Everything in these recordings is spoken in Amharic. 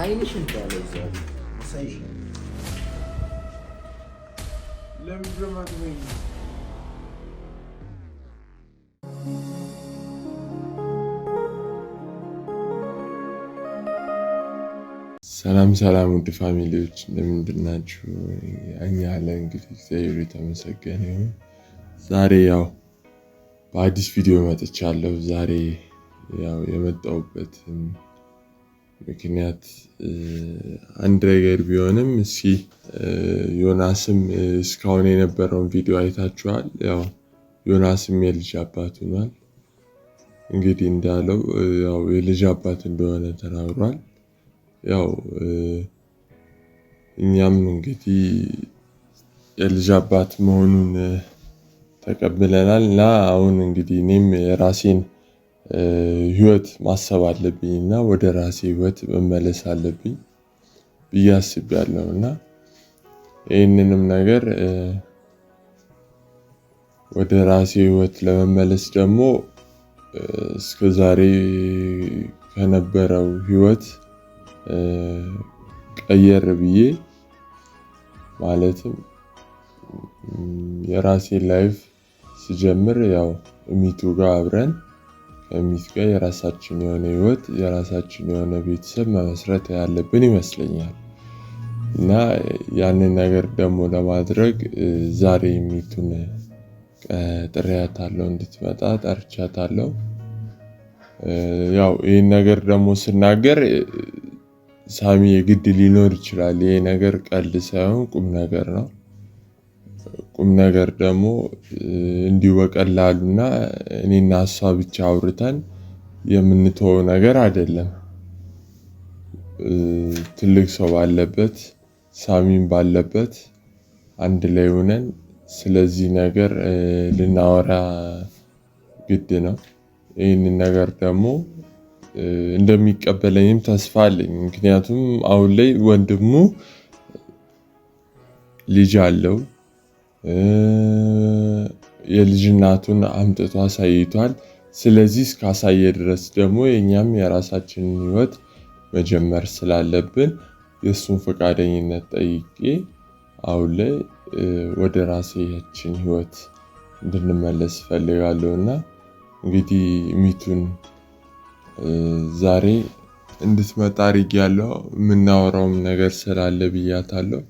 አይንሽ እንዳለ ሰላም ሰላም፣ ውድ ፋሚሊዎች እንደምንድን ናችሁ? እኛ ያለ እንግዲህ እግዚአብሔር የተመሰገነ ይሁን። ዛሬ ያው በአዲስ ቪዲዮ መጥቻለሁ። ዛሬ ያው የመጣሁበትን ምክንያት አንድ ነገር ቢሆንም እስኪ ዮናስም እስካሁን የነበረውን ቪዲዮ አይታችኋል። ያው ዮናስም የልጅ አባት ሆኗል። እንግዲህ እንዳለው ያው የልጅ አባት እንደሆነ ተናግሯል። ያው እኛም እንግዲህ የልጅ አባት መሆኑን ተቀብለናል እና አሁን እንግዲህ እኔም የራሴን ህይወት ማሰብ አለብኝ እና ወደ ራሴ ህይወት መመለስ አለብኝ ብዬ አስቤያለሁ። እና ይህንንም ነገር ወደ ራሴ ህይወት ለመመለስ ደግሞ እስከ ዛሬ ከነበረው ህይወት ቀየር ብዬ ማለትም የራሴን ላይፍ ስጀምር ያው እሚቱ ጋር አብረን ሚስጋ የራሳችን የሆነ ህይወት የራሳችን የሆነ ቤተሰብ መመስረት ያለብን ይመስለኛል። እና ያንን ነገር ደግሞ ለማድረግ ዛሬ ሚቱን አለው እንድትመጣ ጠርቻታለሁ። ያው ይህን ነገር ደግሞ ስናገር ሳሚ የግድ ሊኖር ይችላል። ይሄ ነገር ቀልድ ሳይሆን ቁም ነገር ነው። ቁም ነገር ደግሞ እንዲሁ እኔና እሷ ብቻ አውርተን የምንተወው ነገር አይደለም። ትልቅ ሰው ባለበት ሳሚም ባለበት አንድ ላይ ሆነን ስለዚህ ነገር ልናወራ ግድ ነው። ይህንን ነገር ደግሞ እንደሚቀበለኝም ተስፋ አለኝ። ምክንያቱም አሁን ላይ ወንድሙ ልጅ አለው የልጅናቱን አምጥቶ አሳይቷል። ስለዚህ እስካሳየ ድረስ ደግሞ የእኛም የራሳችንን ህይወት መጀመር ስላለብን የእሱን ፈቃደኝነት ጠይቄ አሁን ላይ ወደ ራሴያችን ህይወት እንድንመለስ እፈልጋለሁ እና እንግዲህ ሚቱን ዛሬ እንድትመጣ ያለው የምናወራውም ነገር ስላለ ብያታለሁ።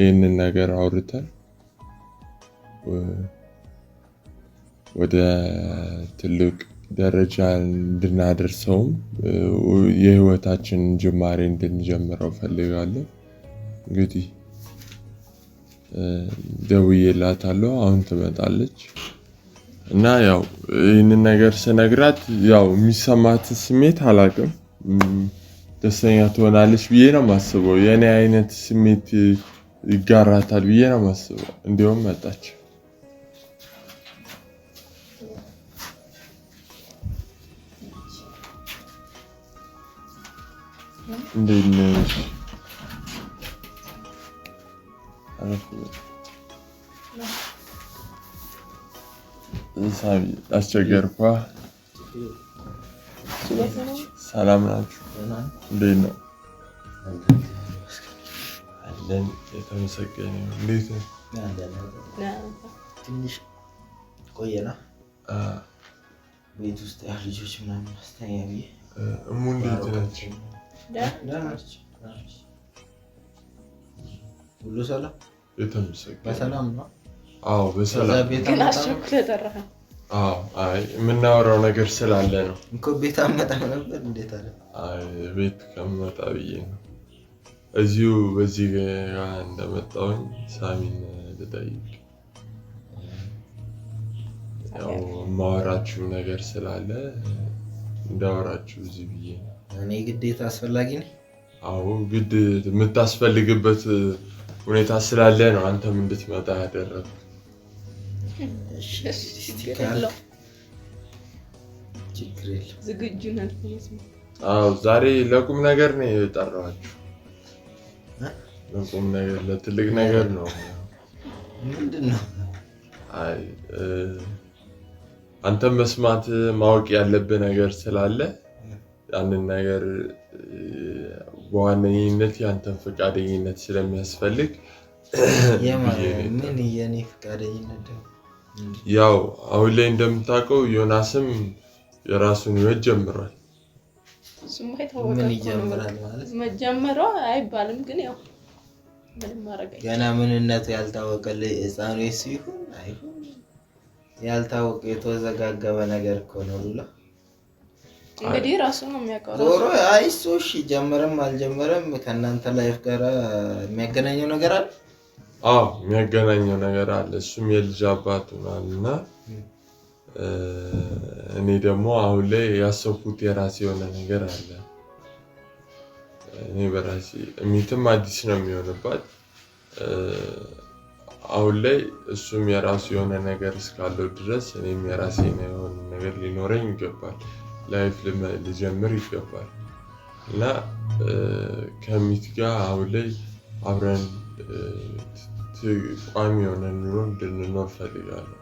ይህንን ነገር አውርተን ወደ ትልቅ ደረጃ እንድናደርሰውም የህይወታችንን ጅማሬ እንድንጀምረው ፈልጋለሁ። እንግዲህ ደውዬላታለሁ አሁን ትመጣለች። እና ያው ይህንን ነገር ስነግራት ያው የሚሰማትን ስሜት አላውቅም። ደስተኛ ትሆናለች ብዬ ነው የማስበው። የእኔ አይነት ስሜት ይጋራታል ብዬ ነው የማስበው። እንዲሁም መጣች። እንዴት ነሽ? ሳቢ አስቸገርኳ። ሰላም ናችሁ? እንዴት ነው? አለን። የተመሰገነ እንዴት ነው? ትንሽ ቆየና ቤት ውስጥ ልጆች ምናምን አስተኛ እሙ እንዴት ናቸው? ሁሉ ሰላም በሰላም ነው። በሰላም የምናወራው ነገር ስላለ ነው እኮ ቤት አመጣም ነበር። እንዴት አለ? ቤት ከመጣ ብዬ ነው እዚሁ በዚህ ጋ ሳሚን ልጠይቅ ያው የማወራችሁ ነገር ስላለ እንዳወራችሁ እዚህ ብዬ ነው። እኔ ግዴታ አስፈላጊ ነኝ። አዎ ግድ የምታስፈልግበት ሁኔታ ስላለ ነው አንተም እንድትመጣ ያደረግ ዝግጁ ዛሬ ለቁም ነገር ነው የጠራኋችሁ። ለቁም ነገር ለትልቅ ነገር ነው። ምንድን ነው? አይ አንተም መስማት ማወቅ ያለብህ ነገር ስላለ ያንን ነገር በዋነኝነት ያንተን ፈቃደኝነት ስለሚያስፈልግ ምን የኔ ያው አሁን ላይ እንደምታውቀው ዮናስም የራሱን ህይወት ጀምሯል። መጀመሪያ አይባልም ግን ያው ገና ምንነቱ ያልታወቀ ህፃኑ ሲሆን ያልታወቀ የተወዘጋገበ ነገር እኮ ነው እንግዲህ ራሱ ነው የሚያውቀው። አይ እሱ እሺ ጀመረም አልጀመረም ከእናንተ ላይፍ ጋር የሚያገናኘው ነገር አለ። አዎ የሚያገናኘው ነገር አለ። እሱም የልጅ አባት ሆኗል እና እኔ ደግሞ አሁን ላይ ያሰብኩት የራሴ የሆነ ነገር አለ። እኔ በራሴ እሚትም አዲስ ነው የሚሆንባት አሁን ላይ እሱም የራሱ የሆነ ነገር እስካለው ድረስ እኔም የራሴ የሆነ ነገር ሊኖረኝ ይገባል። ላይፍ ልጀምር ይገባል እና ከሚት ጋር አሁን ላይ አብረን ቋሚ የሆነ ኑሮ እንድንኖር ፈልጋለሁ።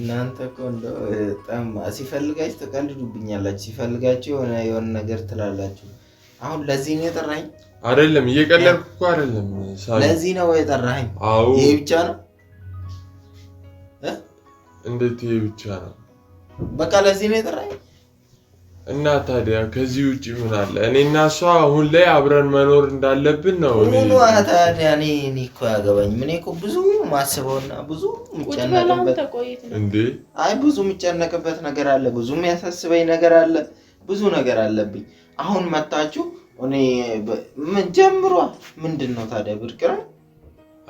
እናንተ እኮ እንደው በጣም ሲፈልጋችሁ ትቀልዱብኛላችሁ፣ ሲፈልጋችሁ የሆነ የሆነ ነገር ትላላችሁ። አሁን ለዚህ ነው የጠራኝ? አይደለም፣ እየቀለድኩ እኮ አይደለም። ለዚህ ነው የጠራኝ። ይሄ ብቻ ነው እንዴት ይሄ ብቻ ነው? በቃ ለዚህ ነው የጠራኝ። እና ታዲያ ከዚህ ውጭ ምን አለ? እኔ እና እሷ አሁን ላይ አብረን መኖር እንዳለብን ነው። ታዲያ እኔ እኔ እኮ ያገባኝ እኔ እኮ ብዙ ማስበውና ብዙ የምጨነቅበት እንዴ፣ አይ ብዙ የምጨነቅበት ነገር አለ፣ ብዙ የሚያሳስበኝ ነገር አለ፣ ብዙ ነገር አለብኝ። አሁን መታችሁ እኔ ምን ጀምሯል? ምንድን ነው ታዲያ ብርቅረን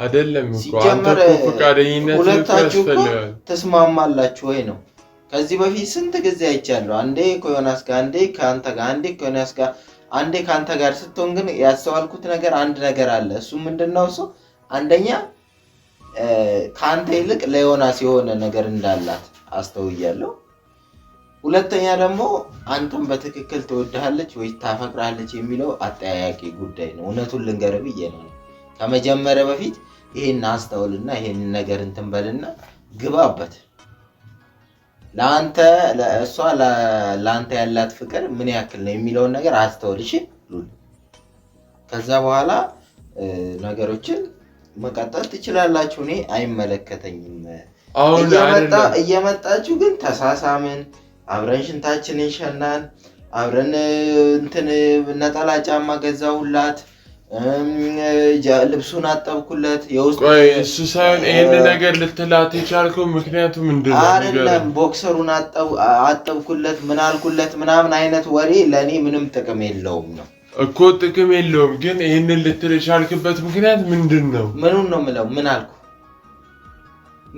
አይደለም እኮ አንተ እኮ ፈቃደኝነት ሁለታችሁ ተስማማላችሁ ወይ ነው። ከዚህ በፊት ስንት ጊዜ አይቻለሁ። አንዴ ከዮናስ ጋር፣ አንዴ ከአንተ ጋር፣ አንዴ ከዮናስ ጋር፣ አንዴ ከአንተ ጋር ስትሆን ግን ያስተዋልኩት ነገር አንድ ነገር አለ። እሱ ምንድን ነው? እሱ አንደኛ ከአንተ ይልቅ ለዮናስ የሆነ ነገር እንዳላት አስተውያለሁ። ሁለተኛ ደግሞ አንተም በትክክል ትወድሃለች ወይ ታፈቅራለች የሚለው አጠያያቂ ጉዳይ ነው። እውነቱን ልንገርህ ብዬ ነው። ከመጀመሪያ በፊት ይሄን አስተውልና ይህን ነገር እንትን በልና ግባበት። ለአንተ እሷ ለአንተ ያላት ፍቅር ምን ያክል ነው የሚለውን ነገር አስተውልሽ ከዛ በኋላ ነገሮችን መቀጠል ትችላላችሁ። እኔ አይመለከተኝም። እየመጣችሁ ግን ተሳሳምን፣ አብረን ሽንታችንን ሸናን፣ አብረን እንትን ነጠላ ጫማ ገዛሁላት ልብሱን አጠብኩለት። እሱ ሳይሆን ይህን ነገር ልትላት የቻልከው ምክንያቱ ምንድን ነው? አይደለም ቦክሰሩን አጠብኩለት ምን አልኩለት ምናምን አይነት ወሬ ለእኔ ምንም ጥቅም የለውም ነው እኮ ጥቅም የለውም። ግን ይህንን ልትል የቻልክበት ምክንያት ምንድን ነው? ምኑን ነው የምለው? ምን አልኩ?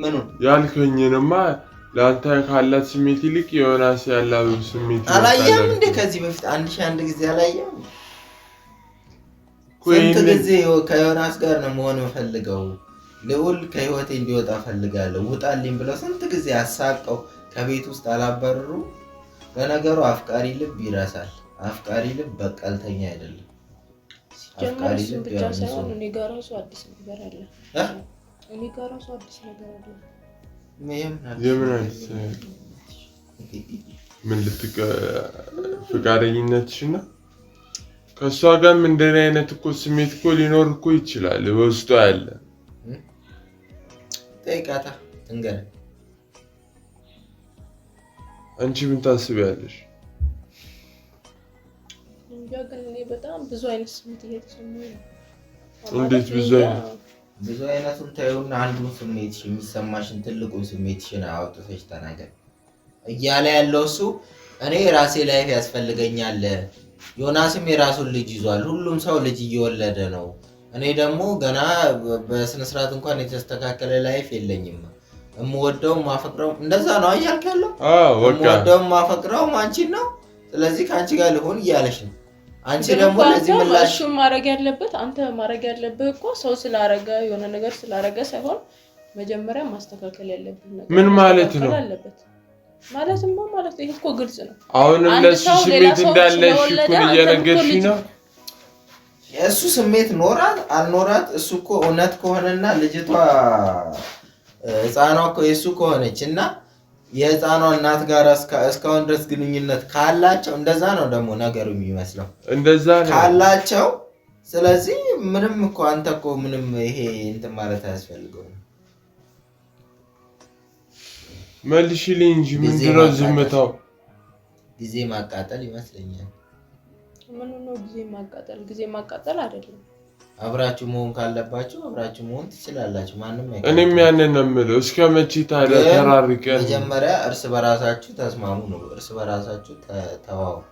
ምኑን ያልከኝንማ ለአንተ ካላት ስሜት ይልቅ የሆነ ያላት ስሜት አላየም እንደ ከዚህ በፊት አንድ ሺህ አንድ ጊዜ አላየም ስንት ጊዜ ከዮናስ ጋር ነው መሆን የምፈልገው። ልዑል ከህይወቴ እንዲወጣ ፈልጋለሁ፣ ውጣልኝ ብለው ስንት ጊዜ አሳቀው ከቤት ውስጥ አላባረሩ። በነገሩ አፍቃሪ ልብ ይረሳል። አፍቃሪ ልብ በቀልተኛ አይደለም። አፍቃሪ ልብ ምን ልትቀ ፈቃደኝነትሽ ከእሷ ጋርም እንደኔ አይነት እኮ ስሜት እኮ ሊኖር እኮ ይችላል። በውስጡ ያለ ጠይቃታ እንገና አንቺ ምን ታስቢያለሽ? በጣም ብዙ አይነት ስሜት እየተሰማኝ እንዴት ብዙ አይነት ብዙ አይነቱን ታዩና አንዱን ስሜት የሚሰማሽን ትልቁን ስሜትሽን አውጥተሽ ተናገር እያለ ያለው እሱ እኔ ራሴ ላይፍ ያስፈልገኛል ዮናስም የራሱን ልጅ ይዟል። ሁሉም ሰው ልጅ እየወለደ ነው። እኔ ደግሞ ገና በስነስርዓት እንኳን የተስተካከለ ላይፍ የለኝም። የምወደው ማፈቅረው እንደዛ ነው እያልክ ያለው የምወደው ማፈቅረው አንቺን ነው። ስለዚህ ከአንቺ ጋር ልሆን እያለሽ ነው። አንቺ ደግሞ ለዚህ ምላሽ ማድረግ ያለበት አንተ ማድረግ ያለብህ እኮ ሰው ስላረገ የሆነ ነገር ስላረገ ሳይሆን መጀመሪያ ማስተካከል ያለብህ ምን ማለት ነው ማለትም ማለት ይሄ እኮ ግልጽ ነው። አሁንም ለሱ ስሜት እንዳለሽ እኮ እየነገርሽ ነው። የእሱ ስሜት ኖራት አልኖራት እሱ እኮ እውነት ከሆነና ልጅቷ ሕፃኗ የእሱ ከሆነች እና የሕፃኗ እናት ጋር እስካሁን ድረስ ግንኙነት ካላቸው እንደዛ ነው ደግሞ ነገሩ የሚመስለው እንደዛ ነው ካላቸው። ስለዚህ ምንም እኮ አንተ እኮ ምንም ይሄ እንትን ማለት አያስፈልገውም። መልሽልኝ እንጂ ምንድን ነው ዝምታው? ጊዜ ማቃጠል ይመስለኛል። ምን ነው ጊዜ ማቃጠል? ጊዜ ማቃጠል አይደለም። አብራችሁ መሆን ካለባችሁ አብራችሁ መሆን ትችላላችሁ። ማንም እኔም ያንን ነው የምለው። እስከ መቼ ታዲያ ተራርቀን? መጀመሪያ እርስ በራሳችሁ ተስማሙ ነው፣ እርስ በራሳችሁ ተዋወቁ።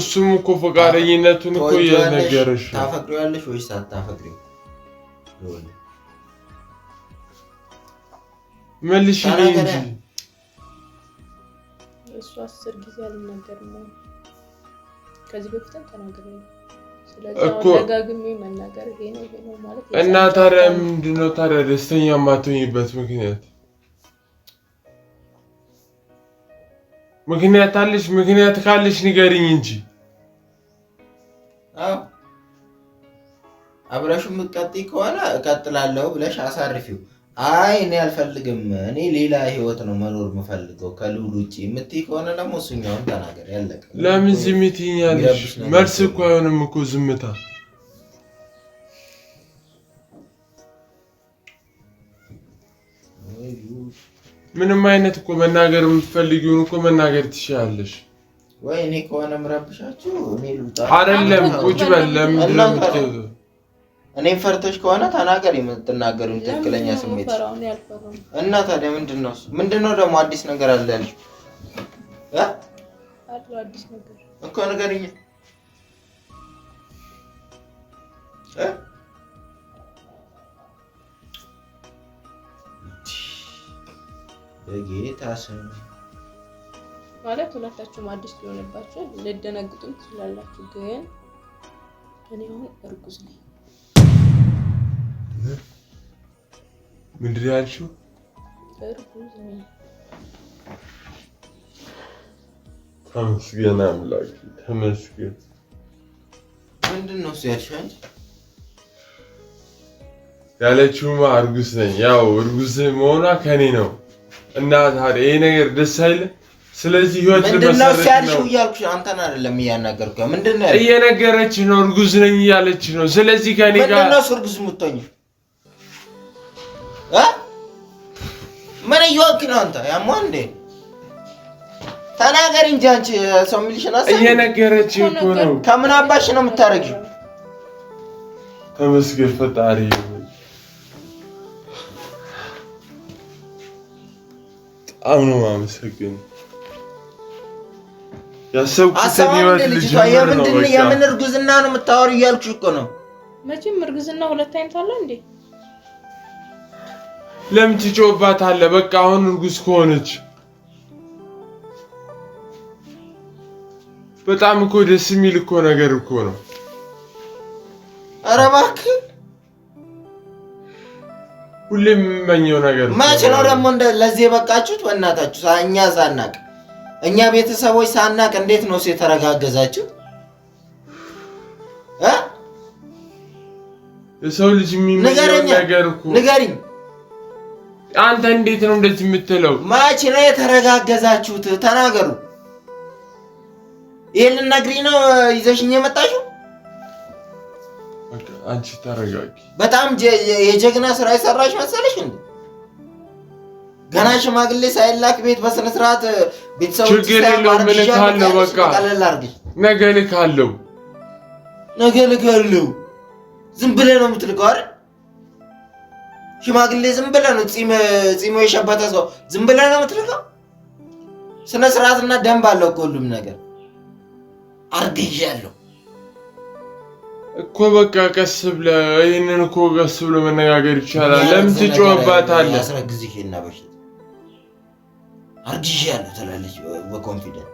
እሱም እኮ ፈቃደኝነቱን እኮ የነገረሽ ታፈቅሪዋለሽ ወይስ አታፈቅሪው? መልሽ እንጂ እሱ አስር ጊዜ አልናገርም። ከዚህ በፊትም ተናግሬ ደጋግሜ መናገር ይሄ ነው ይሄ ነው ማለት እና ታዲያ ምንድን ነው ታዲያ ደስተኛ የማትሆኝበት ምክንያት ምክንያት አለሽ? ምክንያት ካለሽ ንገሪኝ እንጂ አብረሽ የምትቀጥይ ከሆነ እቀጥላለሁ ብለሽ አሳርፊው። አይ እኔ አልፈልግም፣ እኔ ሌላ ህይወት ነው መኖር የምፈልገው ከልውል ውጭ የምትይ ከሆነ ደግሞ እሱኛውን ተናገር። ያለቀ ለምን ዝም ትይኛለሽ? መልስ እኮ አይሆንም እኮ ዝምታ። ምንም አይነት እኮ መናገር የምትፈልጊውን እኮ መናገር ትችላለሽ። ወይ እኔ ከሆነ ምረብሻችሁ እኔ ልውጣ። አይደለም ቁጭ በል ለምን እኔም ፈርተሽ ከሆነ ተናገር የምትናገሪውን ትክክለኛ ስሜት እና ታዲያ ምንድን ነው ምንድን ነው ደግሞ አዲስ ነገር አለ ያልሽው እኮ ንገሪኝ በጌታ ስም ማለት ሁለታችሁም አዲስ ሊሆንባቸው ልደነግጡም ትችላላችሁ ግን እኔ አሁን እርጉዝ ነኝ ምንድን ነው ያልሽው? ተመስገን አምላክ ተመስገን። ምንድን ነው ያልሽው? ያለችውማ እርጉዝ ነኝ። ያው እርጉዝ መሆኗ ከኔ ነው እና ታዲያ ይሄ ነገር ደስ አይልም። ስለዚህ ህይወት ልመሰረት ነው ልመሰርት አንተን አይደለም እያናገርኩ፣ እየነገረች ነው እርጉዝ ነኝ እያለች ነው። ስለዚህ ከኔ ጋር ምንድን ነው እርጉዝ የምትሆኝ ምን እየወቅ ነው አንተ? ያማ እንዴ ተናገሪ እንጂ አንቺ ሰው የሚልሽን አሰብ። እየነገረች እኮ ነው። ከምን አባሽ ነው የምታረጊው? ተመስገን ፈጣሪ። በጣም ነው የማመሰግነው። ያሰብኩትን ይወድ የምን እርጉዝና ነው የምታወሪው እያልኩሽ እኮ ነው። መቼም እርግዝና ሁለት አይነት አለ እንዴ? ለምን ትጮህባታለህ? በቃ አሁን እርጉዝ ከሆነች በጣም እኮ ደስ የሚል እኮ ነገር እኮ ነው። ኧረ እባክህ ሁሌም የምመኘው ነገር መቼ ነው ደግሞ ለዚህ የበቃችሁት? በእናታችሁ እኛ ሳናቅ እኛ ቤተሰቦች ሳናቅ እንዴት ነው የተረጋገዛችሁ? የሰው ልጅ የሚመኘው ነገር እኮ ንገሪኝ አንተ እንዴት ነው እንደዚህ የምትለው? መቼ ነው የተረጋገዛችሁት? ተናገሩ። ይሄን ነግሪ ነው ይዘሽኝ የመጣሽው? አንቺ ተረጋጊ። በጣም የጀግና ስራ የሰራሽ መሰለሽ እንዴ? ገና ሽማግሌ ሳይላክ ቤት በስነ ስርዓት ቤተሰብ ችግር የለውም። እልካለሁ። በቃ ነገ እልካለሁ። ነገ እልካለሁ። ዝም ብለህ ነው የምትልከው አይደል? ሽማግሌ ዝም ብለ ነው ፂሞ የሸበተ ሰው ዝም ብለ ነው የምትልከው? ስነ ስርዓትና ደንብ አለው እኮ ሁሉም ነገር። አርግዣለሁ እኮ በቃ ቀስ ብለ ይህንን እኮ ቀስ ብሎ መነጋገር ይቻላል። ለምን ትጮህባታለህ? አስረግዝሽና በሽት አርግዣለሁ ትላለች በኮንፊደንት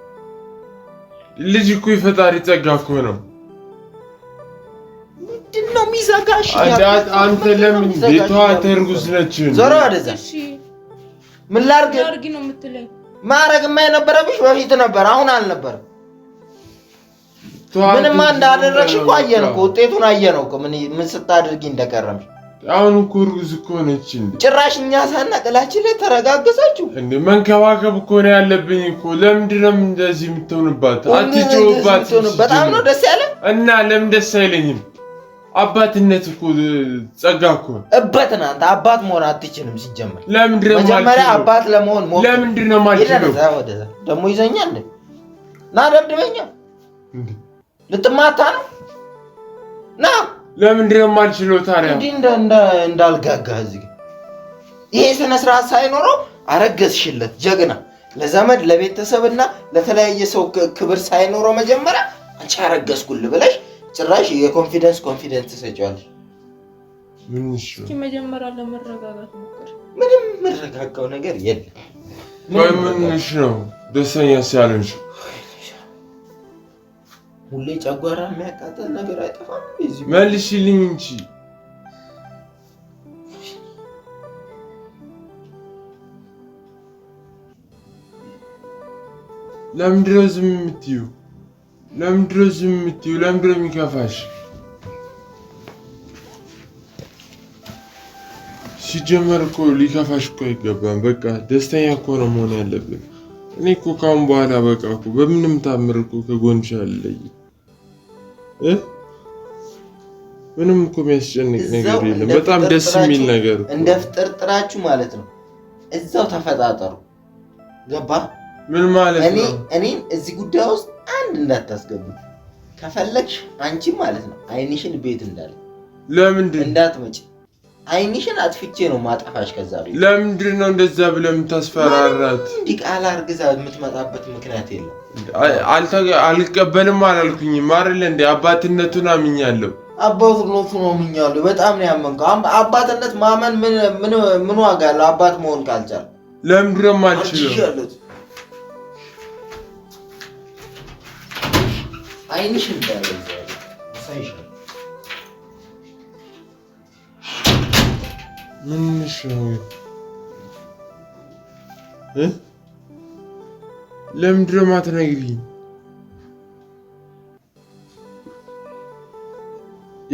ልጅ እኮ የፈጣሪ ጸጋ እኮ ነው። ይዘጋሽ አንተ ለምን ቤቷ ተርጉዝ ነች? ዞሮ ወደዛ ምን ላድርግ ነው የምትለኝ? ማረግማ የነበረብሽ በፊት ነበር፣ አሁን አልነበርም። ምንማ እንዳደረግሽ እኮ አየን እኮ ውጤቱን አየን እኮ ምን ስታደርጊ እንደቀረምሽ። አሁን እኮ እርጉዝ እኮ ነች። ጭራሽ እኛ ሳናቅ ላችን ላይ ተረጋገዛችሁ። መንከባከብ እኮ ነው ያለብኝ እኮ። ለምንድን ነው እንደዚህ የምትሆንባት? አትጮህባት። በጣም ነው ደስ ያለ እና ለምን ደስ አይለኝም? አባትነት እኮ ጸጋ እኮ እበት ነው። አንተ አባት መሆን አትችልም። ሲጀመር ለምንድን ነው መጀመሪያ አባት ለመሆን ሞ ለምንድን ነው ማልችለው? ደግሞ ይዘኛል ና ደብድበኛ። ልትማታ ነው ና። ለምንድን ነው ማልችለው ታዲያ? እንዲህ እንዳልጋጋ እዚህ ይሄ ስነ ስርዓት ሳይኖረው አረገዝሽለት ጀግና ለዘመድ ለቤተሰብና ለተለያየ ሰው ክብር ሳይኖረው መጀመሪያ አንቺ አረገዝኩልህ ብለሽ ጭራሽ የኮንፊደንስ ኮንፊደንስ ሰጪዋለሽ። ምን እስኪ መጀመሪያ ለመረጋጋት ሞክር። ምንም የምረጋጋው ነገር የለም። ወይ ምንሽ ነው ደስተኛ ሲያለሽ? ሁሌ ጨጓራ የሚያቃጠል ነገር አይጠፋም። መልሽልኝ እንጂ ለምንድነው ዝም የምትይው? ለምንድነው ዝም የምትይው? ለምንድነው የሚከፋሽ? ሲጀመር እኮ ሊከፋሽ እኮ አይገባም። በቃ ደስተኛ እኮ ነው መሆን ያለብን። እኔ እኮ ካሁን በኋላ በቃ እኮ በምንም ታምር እኮ ከጎንሽ አልለይም። ምንም እኮ የሚያስጨንቅ ነገር የለም። በጣም ደስ የሚል ነገር እንደ ፍጥርጥራችሁ ማለት ነው። እዛው ተፈጣጠሩ። ገባ ምን ማለት ነው? እኔ እዚህ ጉዳይ ውስጥ አንድ እንዳታስገቡት ከፈለግሽ አንቺ ማለት ነው አይንሽን ቤት እንዳለ ለምንድን እንዳትመጪ አይንሽን አጥፍቼ ነው ማጠፋሽ። ከዛ ቤት ለምንድን ነው እንደዛ ብለህ የምታስፈራራት? እንዲህ ቃል አርግዛ የምትመጣበት ምክንያት የለም። አልቀበልም አላልኩኝም አይደለ እንዴ? አባትነቱን አምኛለሁ። አባትነቱን አምኛለሁ። በጣም ነው ያመንከው። አባትነት ማመን ምን ዋጋ አለው? አባት መሆን ካልቻለ ለምንድን ነው የማልችለው? አይንሽ ምንሽ ነው? ለምንድን ነው የማትነግሪኝ?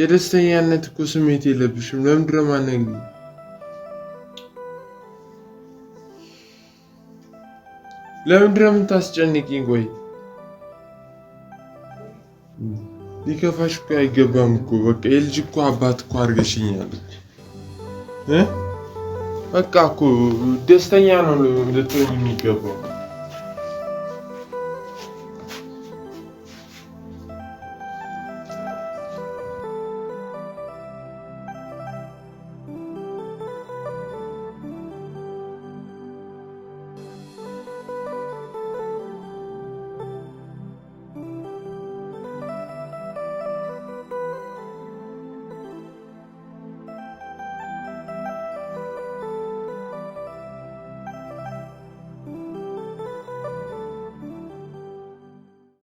የደስተኛነት እኮ ስሜት የለብሽም። ለምንድን ነው የማትነግሪኝ? ለምንድን ነው የምታስጨንቂኝ? ቆይ ሊከፋሽ እኮ አይገባም እኮ በቃ የልጅ እኮ አባት እኮ አድርገሽኛል በቃ እኮ ደስተኛ ነው ልትሆኝ የሚገባው።